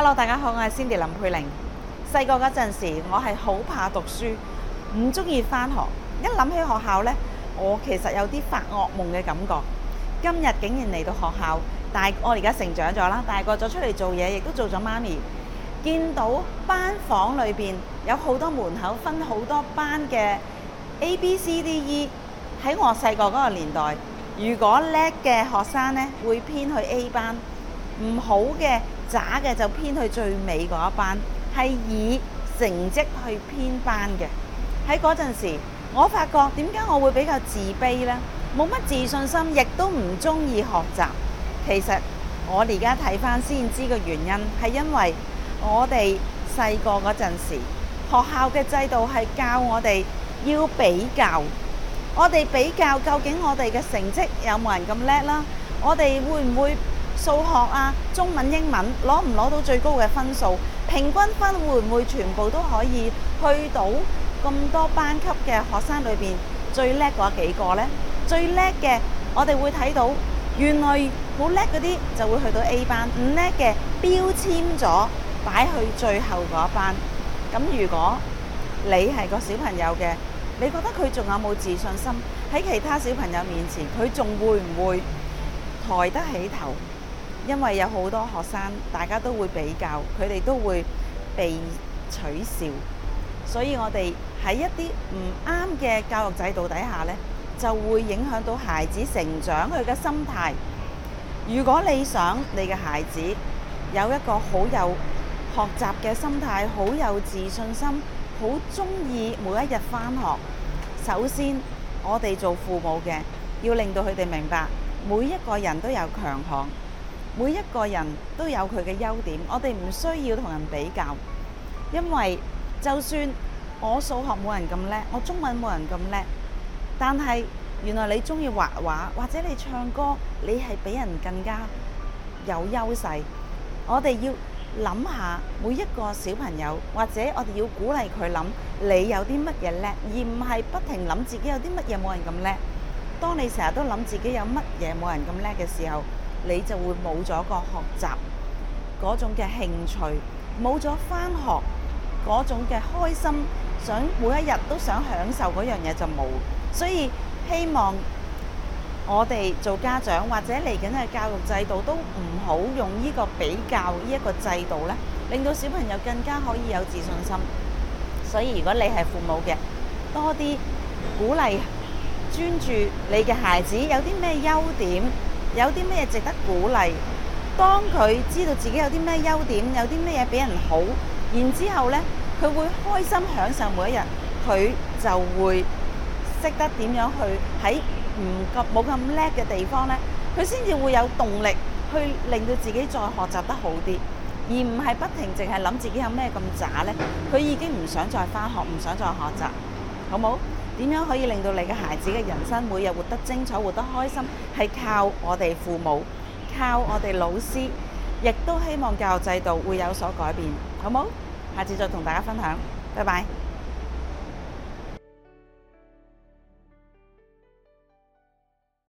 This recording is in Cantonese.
Hello，大家好，我係 Cindy 林佩玲。細個嗰陣時，我係好怕讀書，唔中意翻學。一諗起學校呢，我其實有啲發惡夢嘅感覺。今日竟然嚟到學校，大我而家成長咗啦，大個咗出嚟做嘢，亦都做咗媽咪。見到班房裏邊有好多門口分好多班嘅 A、B、C、D、E。喺我細個嗰個年代，如果叻嘅學生呢，會偏去 A 班。唔好嘅、渣嘅就編去最尾嗰一班，係以成績去編班嘅。喺嗰陣時，我發覺點解我會比較自卑咧？冇乜自信心，亦都唔中意學習。其實我而家睇翻，先知個原因，係因為我哋細個嗰陣時，學校嘅制度係教我哋要比較。我哋比較究竟我哋嘅成績有冇人咁叻啦？我哋會唔會？數學啊，中文、英文攞唔攞到最高嘅分數？平均分會唔會全部都可以去到咁多班級嘅學生裏邊最叻嗰幾個呢？最叻嘅，我哋會睇到原來好叻嗰啲就會去到 A 班，唔叻嘅，標籤咗擺去最後嗰班。咁如果你係個小朋友嘅，你覺得佢仲有冇自信心喺其他小朋友面前？佢仲會唔會抬得起頭？因為有好多學生，大家都會比較，佢哋都會被取笑，所以我哋喺一啲唔啱嘅教育制度底下呢，就會影響到孩子成長佢嘅心態。如果你想你嘅孩子有一個好有學習嘅心態，好有自信心，好鍾意每一日返學，首先我哋做父母嘅要令到佢哋明白，每一個人都有強項。每一個人都有佢嘅優點，我哋唔需要同人比較，因為就算我數學冇人咁叻，我中文冇人咁叻，但係原來你中意畫畫或者你唱歌，你係比人更加有優勢。我哋要諗下每一個小朋友，或者我哋要鼓勵佢諗，你有啲乜嘢叻，而唔係不停諗自己有啲乜嘢冇人咁叻。當你成日都諗自己有乜嘢冇人咁叻嘅時候，你就會冇咗個學習嗰種嘅興趣，冇咗翻學嗰種嘅開心，想每一日都想享受嗰樣嘢就冇。所以希望我哋做家長或者嚟緊嘅教育制度都唔好用呢個比較，呢一個制度呢，令到小朋友更加可以有自信心。所以如果你係父母嘅，多啲鼓勵、專注你嘅孩子有啲咩優點。有啲咩值得鼓勵？當佢知道自己有啲咩優點，有啲咩嘢俾人好，然之後呢，佢會開心享受每一日，佢就會識得點樣去喺唔咁冇咁叻嘅地方呢，佢先至會有動力去令到自己再學習得好啲，而唔係不停淨係諗自己有咩咁渣呢，佢已經唔想再返學，唔想再學習，好冇？點樣可以令到你嘅孩子嘅人生每日活得精彩、活得開心，係靠我哋父母、靠我哋老師，亦都希望教育制度會有所改變，好冇？下次再同大家分享，拜拜。